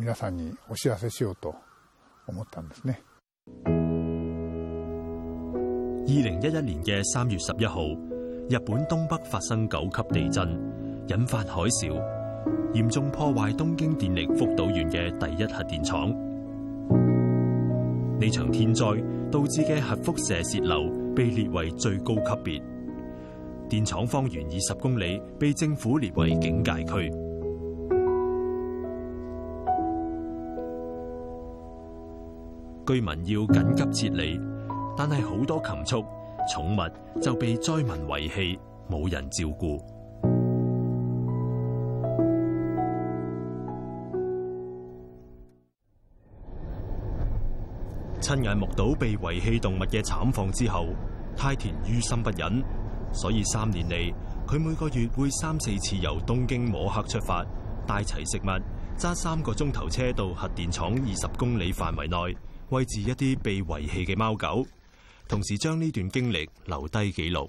皆さんにお知らせしようと思ったんですね。二零一一年嘅三月十一號，日本東北發生九級地震，引發海嘯，嚴重破壞東京電力福島縣嘅第一核電廠。呢場天災導致嘅核輻射泄漏被列為最高級別。電廠方圓二十公里被政府列為警戒區。居民要緊急撤離，但係好多禽畜、寵物就被災民遺棄，冇人照顧。親眼目睹被遺棄動物嘅慘況之後，泰田於心不忍，所以三年嚟，佢每個月會三四次由東京摸黑出發，帶齊食物，揸三個鐘頭車到核電廠二十公里範圍內。餵飼一啲被遺棄嘅貓狗，同時將呢段經歷留低記錄。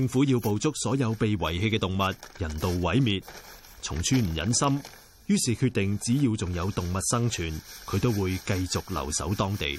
政府要捕捉所有被遺棄嘅動物，人道毀滅。松村唔忍心，於是決定只要仲有動物生存，佢都會繼續留守當地。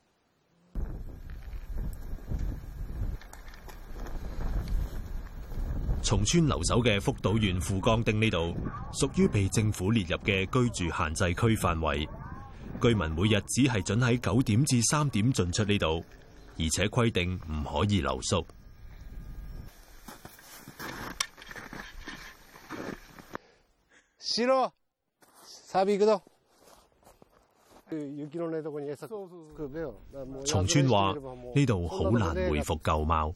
松村留守嘅福島縣富岡町呢度，屬於被政府列入嘅居住限制區範圍，居民每日只係准喺九點至三點進出呢度，而且規定唔可以留宿。先松村話呢度好難回復舊貌。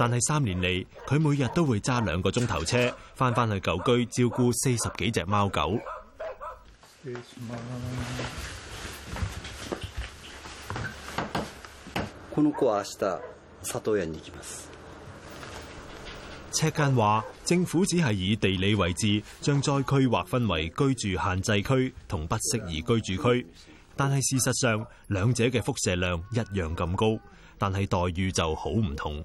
但係三年嚟，佢每日都會揸兩個鐘頭車翻返去舊居照顧四十幾隻貓狗。這個、赤間話：政府只係以地理位置將災區劃分為居住限制區同不適宜居住區，但係事實上兩者嘅輻射量一樣咁高，但係待遇就好唔同。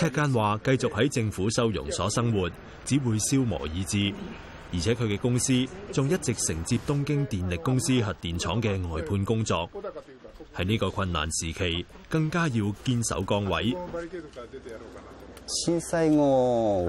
赤間話：繼續喺政府收容所生活，只會消磨意志，而且佢嘅公司仲一直承接東京電力公司核電廠嘅外判工作，喺呢個困難時期，更加要堅守崗位。震災後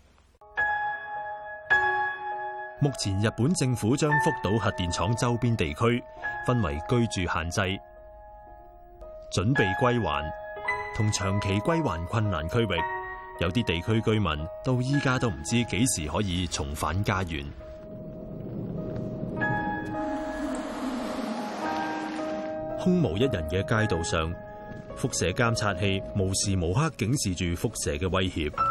目前日本政府將福島核電廠周邊地區分為居住限制、準備歸還同長期歸還困難區域。有啲地區居民到依家都唔知幾時可以重返家園。空無一人嘅街道上，輻射監察器無時無刻警示住輻射嘅威脅。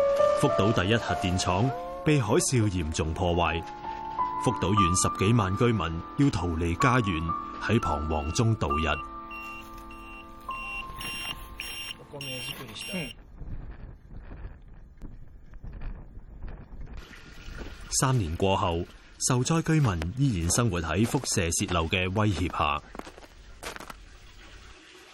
福島第一核電廠被海嘯嚴重破壞，福島縣十幾萬居民要逃離家園，喺彷徨中度日。三年過後，受災居民依然生活喺輻射洩漏嘅威脅下。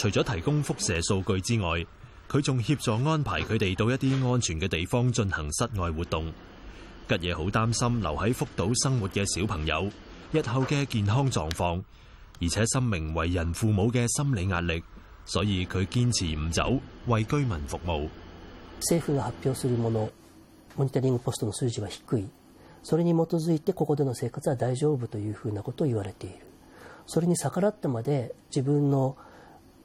除咗提供輻射數據之外，佢仲協助安排佢哋到一啲安全嘅地方進行室外活動。吉野好擔心留喺福島生活嘅小朋友日後嘅健康狀況，而且深明為人父母嘅心理壓力，所以佢堅持唔走，為居民服務。政府が発表するものモニタリングポストの數字は低い。それに基づいてここでの生活は大丈夫というふうなことを言われている。それに逆らったまで自分の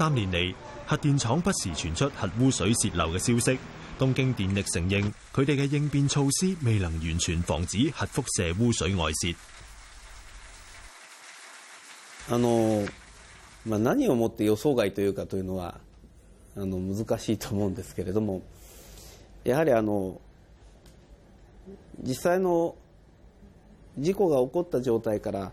3年嚟，核電廠不時傳出核污水泄漏的消息，東京電力承認，佢哋嘅應變措施，未能完全防止核輻射污水外泄。あの、まあ。何をもって予想外というかというのはあの難しいと思うんですけれども、やはりあの実際の事故が起こった狀態から、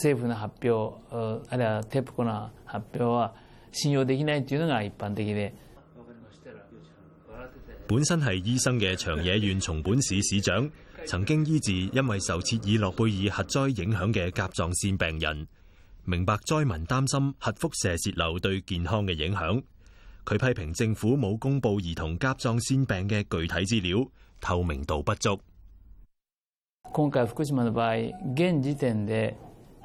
政府の発表、あるいはテプコの用できないという一般的本身係醫生嘅長野縣松本市市長，曾經醫治因為受切爾諾貝爾核災影響嘅甲狀腺病人，明白災民擔心核輻射洩漏流對健康嘅影響。佢批評政府冇公布兒童甲狀腺病嘅具體資料，透明度不足。今回福島の場合現時點で。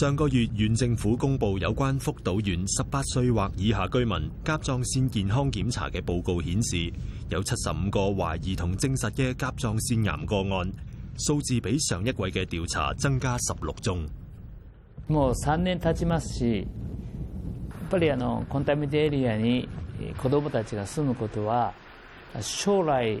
上個月縣政府公布有關福島縣十八歲或以下居民甲狀腺健康檢查嘅報告顯示，有七十五個懷疑同證實嘅甲狀腺癌個案，數字比上一季嘅調查增加十六宗。もう三年経ちますし、やっぱりあのコンタミネーションエリアに子供たちが住むことは將來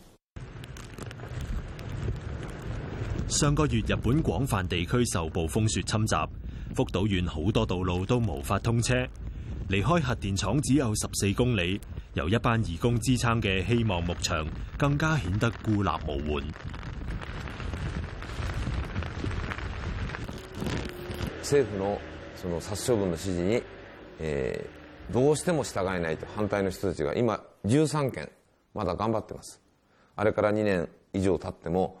上個月日本廣泛地區受暴風雪侵襲，福島縣好多道路都無法通車，離開核電廠只有十四公里。由一班義工支撐嘅希望牧場，更加顯得孤立無援。政府のその殺処分の指示にどうしても従えないと反対の人たちが今13件まだ頑張ってます。あれから2年以上経っても。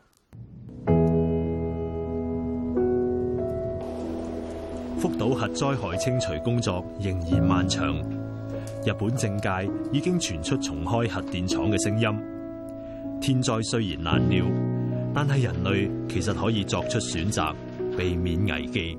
福島核災害清除工作仍然漫長，日本政界已經傳出重開核電廠嘅聲音。天災雖然難料，但係人類其實可以作出選擇，避免危機。